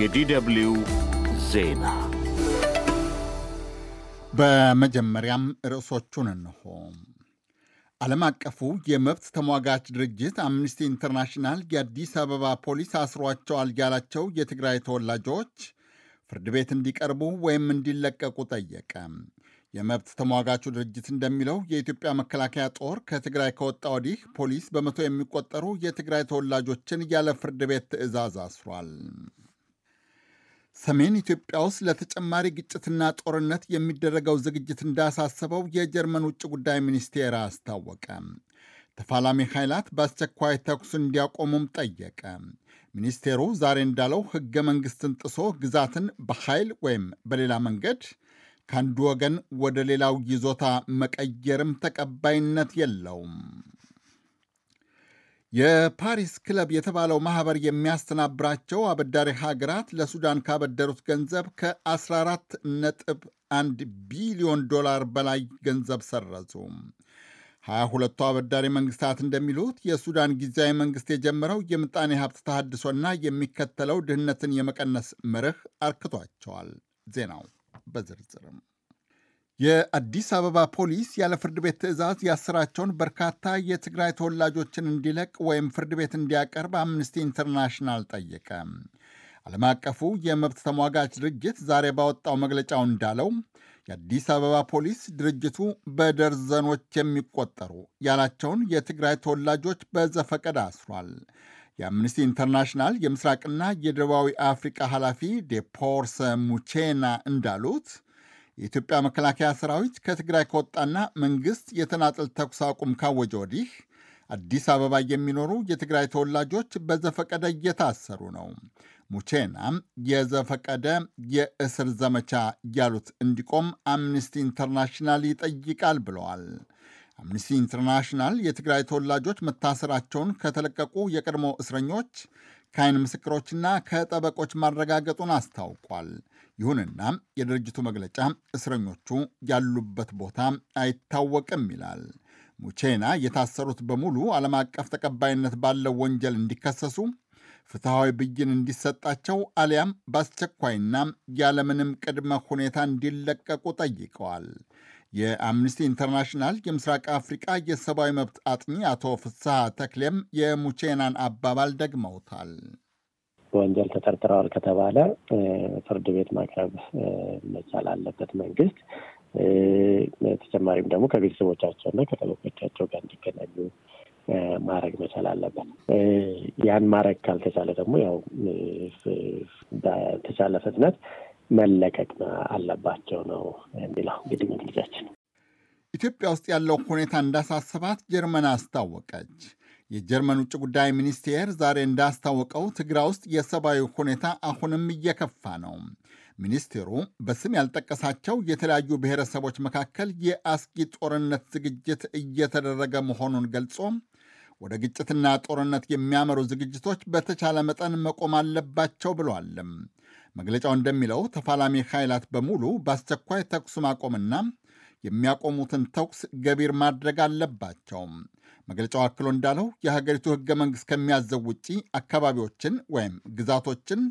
የዲደብሊው ዜና በመጀመሪያም ርዕሶቹን እንሆ። ዓለም አቀፉ የመብት ተሟጋች ድርጅት አምኒስቲ ኢንተርናሽናል የአዲስ አበባ ፖሊስ አስሯቸዋል ያላቸው የትግራይ ተወላጆች ፍርድ ቤት እንዲቀርቡ ወይም እንዲለቀቁ ጠየቀ። የመብት ተሟጋቹ ድርጅት እንደሚለው የኢትዮጵያ መከላከያ ጦር ከትግራይ ከወጣ ወዲህ ፖሊስ በመቶ የሚቆጠሩ የትግራይ ተወላጆችን ያለ ፍርድ ቤት ትዕዛዝ አስሯል። ሰሜን ኢትዮጵያ ውስጥ ለተጨማሪ ግጭትና ጦርነት የሚደረገው ዝግጅት እንዳሳሰበው የጀርመን ውጭ ጉዳይ ሚኒስቴር አስታወቀ። ተፋላሚ ኃይላት በአስቸኳይ ተኩስ እንዲያቆሙም ጠየቀ። ሚኒስቴሩ ዛሬ እንዳለው ሕገ መንግሥትን ጥሶ ግዛትን በኃይል ወይም በሌላ መንገድ ከአንዱ ወገን ወደ ሌላው ይዞታ መቀየርም ተቀባይነት የለውም። የፓሪስ ክለብ የተባለው ማህበር የሚያስተናብራቸው አበዳሪ ሀገራት ለሱዳን ካበደሩት ገንዘብ ከ14 ነጥብ 1 ቢሊዮን ዶላር በላይ ገንዘብ ሰረዙ። 22ቱ አበዳሪ መንግስታት እንደሚሉት የሱዳን ጊዜያዊ መንግስት የጀመረው የምጣኔ ሀብት ተሃድሶና የሚከተለው ድህነትን የመቀነስ መርህ አርክቷቸዋል። ዜናው በዝርዝርም የአዲስ አበባ ፖሊስ ያለ ፍርድ ቤት ትዕዛዝ ያስራቸውን በርካታ የትግራይ ተወላጆችን እንዲለቅ ወይም ፍርድ ቤት እንዲያቀርብ አምነስቲ ኢንተርናሽናል ጠየቀ። ዓለም አቀፉ የመብት ተሟጋች ድርጅት ዛሬ ባወጣው መግለጫው እንዳለው የአዲስ አበባ ፖሊስ ድርጅቱ በደርዘኖች የሚቆጠሩ ያላቸውን የትግራይ ተወላጆች በዘፈቀድ አስሯል። የአምነስቲ ኢንተርናሽናል የምስራቅና የደቡባዊ አፍሪቃ ኃላፊ ዴፖርሰ ሙቼና እንዳሉት የኢትዮጵያ መከላከያ ሰራዊት ከትግራይ ከወጣና መንግሥት የተናጠል ተኩስ አቁም ካወጀ ወዲህ አዲስ አበባ የሚኖሩ የትግራይ ተወላጆች በዘፈቀደ እየታሰሩ ነው። ሙቼና የዘፈቀደ የእስር ዘመቻ ያሉት እንዲቆም አምኒስቲ ኢንተርናሽናል ይጠይቃል ብለዋል። አምኒስቲ ኢንተርናሽናል የትግራይ ተወላጆች መታሰራቸውን ከተለቀቁ የቀድሞ እስረኞች ከአይን ምስክሮችና ከጠበቆች ማረጋገጡን አስታውቋል። ይሁንና የድርጅቱ መግለጫ እስረኞቹ ያሉበት ቦታ አይታወቅም ይላል። ሙቼና የታሰሩት በሙሉ ዓለም አቀፍ ተቀባይነት ባለው ወንጀል እንዲከሰሱ ፍትሐዊ ብይን እንዲሰጣቸው አሊያም በአስቸኳይና ያለምንም ቅድመ ሁኔታ እንዲለቀቁ ጠይቀዋል። የአምኒስቲ ኢንተርናሽናል የምስራቅ አፍሪቃ የሰብአዊ መብት አጥኚ አቶ ፍስሐ ተክሌም የሙቼናን አባባል ደግመውታል። በወንጀል ተጠርጥረዋል ከተባለ ፍርድ ቤት ማቅረብ መቻል አለበት መንግስት። ተጨማሪም ደግሞ ከቤተሰቦቻቸው እና ከጠበቆቻቸው ጋር እንዲገናኙ ማድረግ መቻል አለበት። ያን ማድረግ ካልተቻለ ደግሞ ያው በተቻለ ፍጥነት መለቀቅ አለባቸው ነው የሚለው እንግዲህ መግለጫችን። ኢትዮጵያ ውስጥ ያለው ሁኔታ እንዳሳሰባት ጀርመን አስታወቀች። የጀርመን ውጭ ጉዳይ ሚኒስቴር ዛሬ እንዳስታወቀው ትግራይ ውስጥ የሰብአዊ ሁኔታ አሁንም እየከፋ ነው። ሚኒስቴሩ በስም ያልጠቀሳቸው የተለያዩ ብሔረሰቦች መካከል የአስጊ ጦርነት ዝግጅት እየተደረገ መሆኑን ገልጾ ወደ ግጭትና ጦርነት የሚያመሩ ዝግጅቶች በተቻለ መጠን መቆም አለባቸው ብሏልም። መግለጫው እንደሚለው ተፋላሚ ኃይላት በሙሉ በአስቸኳይ ተኩስ ማቆምና የሚያቆሙትን ተኩስ ገቢር ማድረግ አለባቸው። መግለጫው አክሎ እንዳለው የሀገሪቱ ሕገ መንግሥት ከሚያዘው ውጪ አካባቢዎችን ወይም ግዛቶችን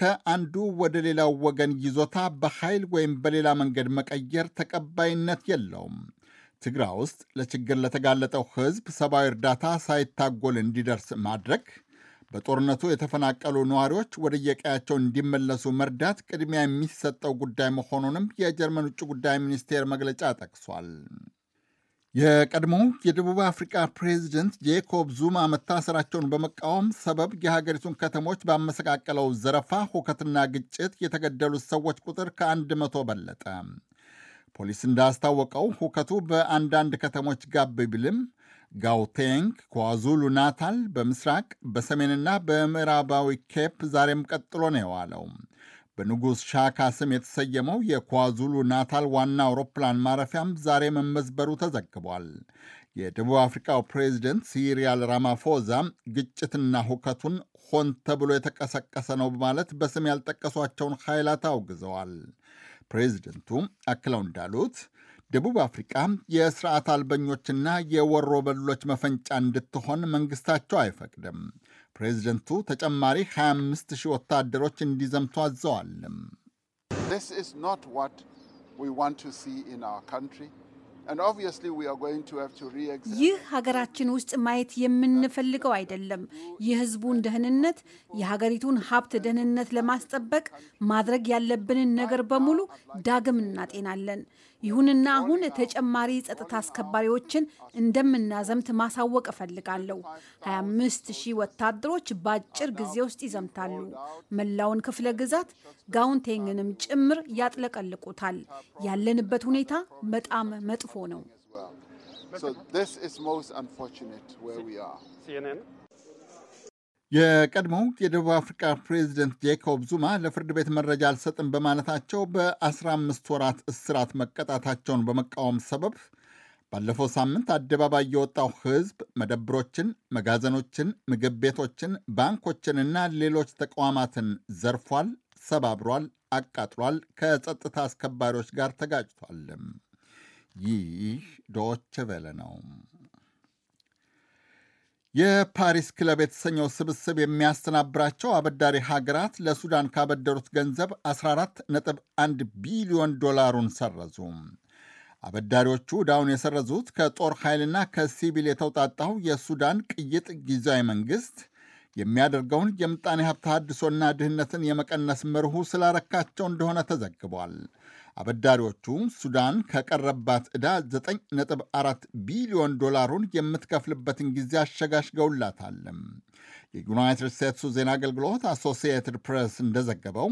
ከአንዱ ወደ ሌላው ወገን ይዞታ በኃይል ወይም በሌላ መንገድ መቀየር ተቀባይነት የለውም። ትግራይ ውስጥ ለችግር ለተጋለጠው ሕዝብ ሰብአዊ እርዳታ ሳይታጎል እንዲደርስ ማድረግ በጦርነቱ የተፈናቀሉ ነዋሪዎች ወደየቀያቸው እንዲመለሱ መርዳት ቅድሚያ የሚሰጠው ጉዳይ መሆኑንም የጀርመን ውጭ ጉዳይ ሚኒስቴር መግለጫ ጠቅሷል። የቀድሞው የደቡብ አፍሪካ ፕሬዚደንት ጄኮብ ዙማ መታሰራቸውን በመቃወም ሰበብ የሀገሪቱን ከተሞች ባመሰቃቀለው ዘረፋ፣ ሁከትና ግጭት የተገደሉት ሰዎች ቁጥር ከአንድ መቶ በለጠ። ፖሊስ እንዳስታወቀው ሁከቱ በአንዳንድ ከተሞች ጋብ ቢልም ጋውቴንግ ኳዙሉ ናታል በምስራቅ በሰሜንና በምዕራባዊ ኬፕ ዛሬም ቀጥሎ ነው የዋለው። በንጉሥ ሻካ ስም የተሰየመው የኳዙሉ ናታል ዋና አውሮፕላን ማረፊያም ዛሬ መመዝበሩ ተዘግቧል። የደቡብ አፍሪካው ፕሬዚደንት ሲሪያል ራማፎዛ ግጭትና ሁከቱን ሆን ተብሎ የተቀሰቀሰ ነው በማለት በስም ያልጠቀሷቸውን ኃይላት አውግዘዋል። ፕሬዚደንቱ አክለው እንዳሉት ደቡብ አፍሪቃ የስርዓት አልበኞችና የወሮ በሎች መፈንጫ እንድትሆን መንግስታቸው አይፈቅድም። ፕሬዚደንቱ ተጨማሪ 25 ሺህ ወታደሮች እንዲዘምቱ አዘዋል። ይህ ሀገራችን ውስጥ ማየት የምንፈልገው አይደለም። የህዝቡን ደህንነት፣ የሀገሪቱን ሀብት ደህንነት ለማስጠበቅ ማድረግ ያለብንን ነገር በሙሉ ዳግም እናጤናለን። ይሁንና አሁን ተጨማሪ ጸጥታ አስከባሪዎችን እንደምናዘምት ማሳወቅ እፈልጋለሁ። 25 ሺህ ወታደሮች በአጭር ጊዜ ውስጥ ይዘምታሉ። መላውን ክፍለ ግዛት ጋውንቴንግንም ጭምር ያጥለቀልቁታል። ያለንበት ሁኔታ በጣም መጥፎ ነው። የቀድሞው የደቡብ አፍሪካ ፕሬዚደንት ጄኮብ ዙማ ለፍርድ ቤት መረጃ አልሰጥም በማለታቸው በ15 ወራት እስራት መቀጣታቸውን በመቃወም ሰበብ ባለፈው ሳምንት አደባባይ የወጣው ሕዝብ መደብሮችን፣ መጋዘኖችን፣ ምግብ ቤቶችን፣ ባንኮችንና ሌሎች ተቋማትን ዘርፏል፣ ሰባብሯል፣ አቃጥሏል፣ ከጸጥታ አስከባሪዎች ጋር ተጋጭቷል። ይህ ዶችቬለ ነው። የፓሪስ ክለብ የተሰኘው ስብስብ የሚያስተናብራቸው አበዳሪ ሀገራት ለሱዳን ካበደሩት ገንዘብ 14.1 ቢሊዮን ዶላሩን ሰረዙ። አበዳሪዎቹ ዕዳውን የሰረዙት ከጦር ኃይልና ከሲቪል የተውጣጣው የሱዳን ቅይጥ ጊዜያዊ መንግሥት የሚያደርገውን የምጣኔ ሀብት አድሶና ድህነትን የመቀነስ መርሁ ስላረካቸው እንደሆነ ተዘግቧል። አበዳሪዎቹ ሱዳን ከቀረባት ዕዳ 9.4 ቢሊዮን ዶላሩን የምትከፍልበትን ጊዜ አሸጋሽገውላታል። የዩናይትድ ስቴትሱ ዜና አገልግሎት አሶሲየትድ ፕሬስ እንደዘገበው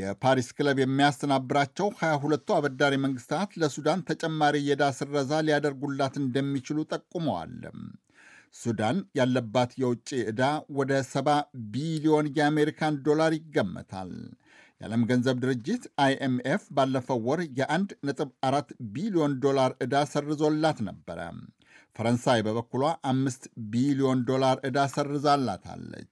የፓሪስ ክለብ የሚያስተናብራቸው 22ቱ አበዳሪ መንግስታት ለሱዳን ተጨማሪ የዕዳ ስረዛ ሊያደርጉላት እንደሚችሉ ጠቁመዋል። ሱዳን ያለባት የውጭ ዕዳ ወደ 70 ቢሊዮን የአሜሪካን ዶላር ይገመታል። የዓለም ገንዘብ ድርጅት አይኤምኤፍ ባለፈው ወር የ1.4 ቢሊዮን ዶላር ዕዳ ሰርዞላት ነበረ። ፈረንሳይ በበኩሏ 5 ቢሊዮን ዶላር ዕዳ ሰርዛላታለች።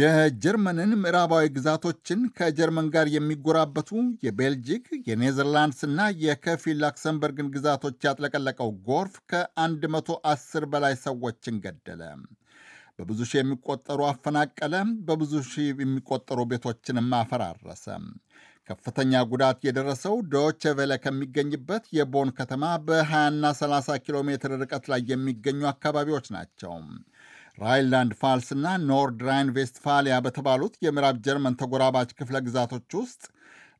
የጀርመንን ምዕራባዊ ግዛቶችን ከጀርመን ጋር የሚጎራበቱ የቤልጂክ የኔዘርላንድስና የከፊል ላክሰምበርግን ግዛቶች ያጥለቀለቀው ጎርፍ ከ110 በላይ ሰዎችን ገደለ። በብዙ ሺህ የሚቆጠሩ አፈናቀለ። በብዙ ሺህ የሚቆጠሩ ቤቶችንም አፈራረሰ። ከፍተኛ ጉዳት የደረሰው ዶቼ ቬለ ከሚገኝበት የቦን ከተማ በ20ና 30 ኪሎ ሜትር ርቀት ላይ የሚገኙ አካባቢዎች ናቸው። ራይንላንድ ፋልስ እና ኖርድ ራይን ቬስትፋሊያ በተባሉት የምዕራብ ጀርመን ተጎራባች ክፍለ ግዛቶች ውስጥ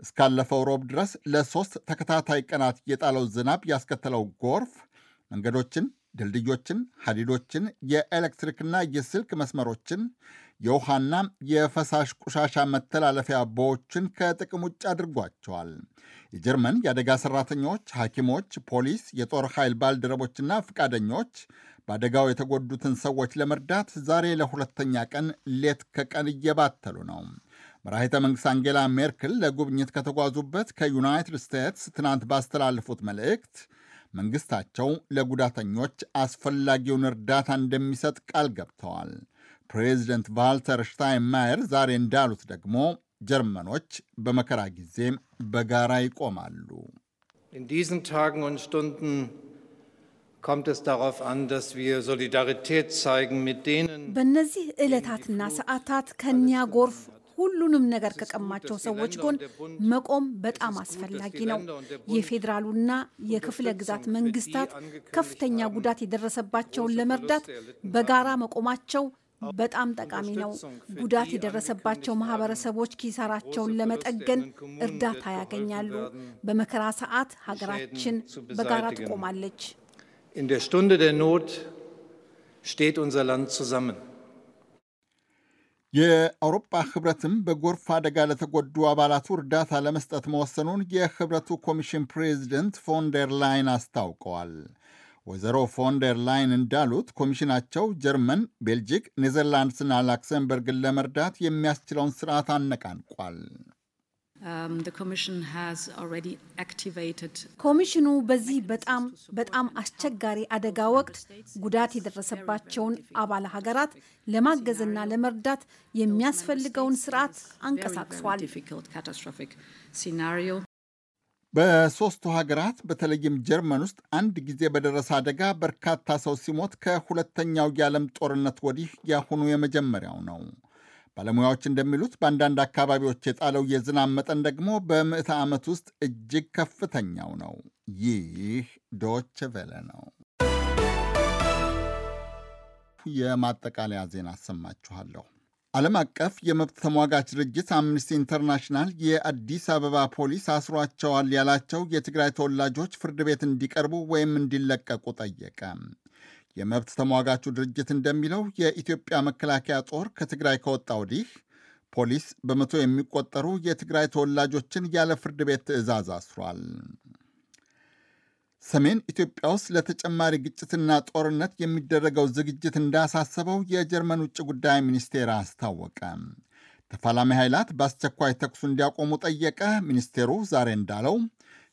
እስካለፈው ሮብ ድረስ ለሶስት ተከታታይ ቀናት የጣለው ዝናብ ያስከተለው ጎርፍ መንገዶችን፣ ድልድዮችን፣ ሐዲዶችን፣ የኤሌክትሪክና የስልክ መስመሮችን የውሃና የፈሳሽ ቆሻሻ መተላለፊያ ቦዮችን ከጥቅም ውጭ አድርጓቸዋል። የጀርመን የአደጋ ሰራተኞች፣ ሐኪሞች፣ ፖሊስ፣ የጦር ኃይል ባልደረቦችና ፈቃደኞች በአደጋው የተጎዱትን ሰዎች ለመርዳት ዛሬ ለሁለተኛ ቀን ሌት ከቀን እየባተሉ ነው። መራሄተ መንግሥት አንጌላ ሜርክል ለጉብኝት ከተጓዙበት ከዩናይትድ ስቴትስ ትናንት ባስተላለፉት መልእክት መንግሥታቸው ለጉዳተኞች አስፈላጊውን እርዳታ እንደሚሰጥ ቃል ገብተዋል። ፕሬዚደንት ቫልተር ሽታይንማየር ዛሬ እንዳሉት ደግሞ ጀርመኖች በመከራ ጊዜ በጋራ ይቆማሉ። በእነዚህ ዕለታትና ሰዓታት ከእኒያ ጎርፍ ሁሉንም ነገር ከቀማቸው ሰዎች ጎን መቆም በጣም አስፈላጊ ነው። የፌዴራሉና የክፍለ ግዛት መንግስታት ከፍተኛ ጉዳት የደረሰባቸውን ለመርዳት በጋራ መቆማቸው በጣም ጠቃሚ ነው። ጉዳት የደረሰባቸው ማህበረሰቦች ኪሳራቸውን ለመጠገን እርዳታ ያገኛሉ። በመከራ ሰዓት ሀገራችን በጋራ ትቆማለች። In der Stunde der Not steht unser Land zusammen. የአውሮፓ ህብረትም በጎርፍ አደጋ ለተጎዱ አባላቱ እርዳታ ለመስጠት መወሰኑን የህብረቱ ኮሚሽን ፕሬዚደንት ፎንደር ላይን አስታውቀዋል። ወይዘሮ ፎንደር ላይን እንዳሉት ኮሚሽናቸው ጀርመን፣ ቤልጂክ፣ ኔዘርላንድስና ላክሰምበርግን ለመርዳት የሚያስችለውን ስርዓት አነቃንቋል። um, ኮሚሽኑ በዚህ በጣም በጣም አስቸጋሪ አደጋ ወቅት ጉዳት የደረሰባቸውን አባል ሀገራት ለማገዝና ለመርዳት የሚያስፈልገውን ስርዓት አንቀሳቅሷል። በሦስቱ ሀገራት በተለይም ጀርመን ውስጥ አንድ ጊዜ በደረሰ አደጋ በርካታ ሰው ሲሞት ከሁለተኛው የዓለም ጦርነት ወዲህ ያሁኑ የመጀመሪያው ነው። ባለሙያዎች እንደሚሉት በአንዳንድ አካባቢዎች የጣለው የዝናብ መጠን ደግሞ በምዕተ ዓመት ውስጥ እጅግ ከፍተኛው ነው። ይህ ዶች ቬለ ነው። የማጠቃለያ ዜና አሰማችኋለሁ። ዓለም አቀፍ የመብት ተሟጋች ድርጅት አምነስቲ ኢንተርናሽናል የአዲስ አበባ ፖሊስ አስሯቸዋል ያላቸው የትግራይ ተወላጆች ፍርድ ቤት እንዲቀርቡ ወይም እንዲለቀቁ ጠየቀ። የመብት ተሟጋቹ ድርጅት እንደሚለው የኢትዮጵያ መከላከያ ጦር ከትግራይ ከወጣ ወዲህ ፖሊስ በመቶ የሚቆጠሩ የትግራይ ተወላጆችን ያለ ፍርድ ቤት ትዕዛዝ አስሯል። ሰሜን ኢትዮጵያ ውስጥ ለተጨማሪ ግጭትና ጦርነት የሚደረገው ዝግጅት እንዳሳሰበው የጀርመን ውጭ ጉዳይ ሚኒስቴር አስታወቀ። ተፋላሚ ኃይላት በአስቸኳይ ተኩሱ እንዲያቆሙ ጠየቀ። ሚኒስቴሩ ዛሬ እንዳለው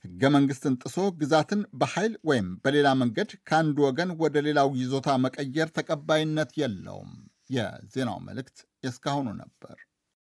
ሕገ መንግሥትን ጥሶ ግዛትን በኃይል ወይም በሌላ መንገድ ከአንድ ወገን ወደ ሌላው ይዞታ መቀየር ተቀባይነት የለውም። የዜናው መልእክት እስካሁኑ ነበር።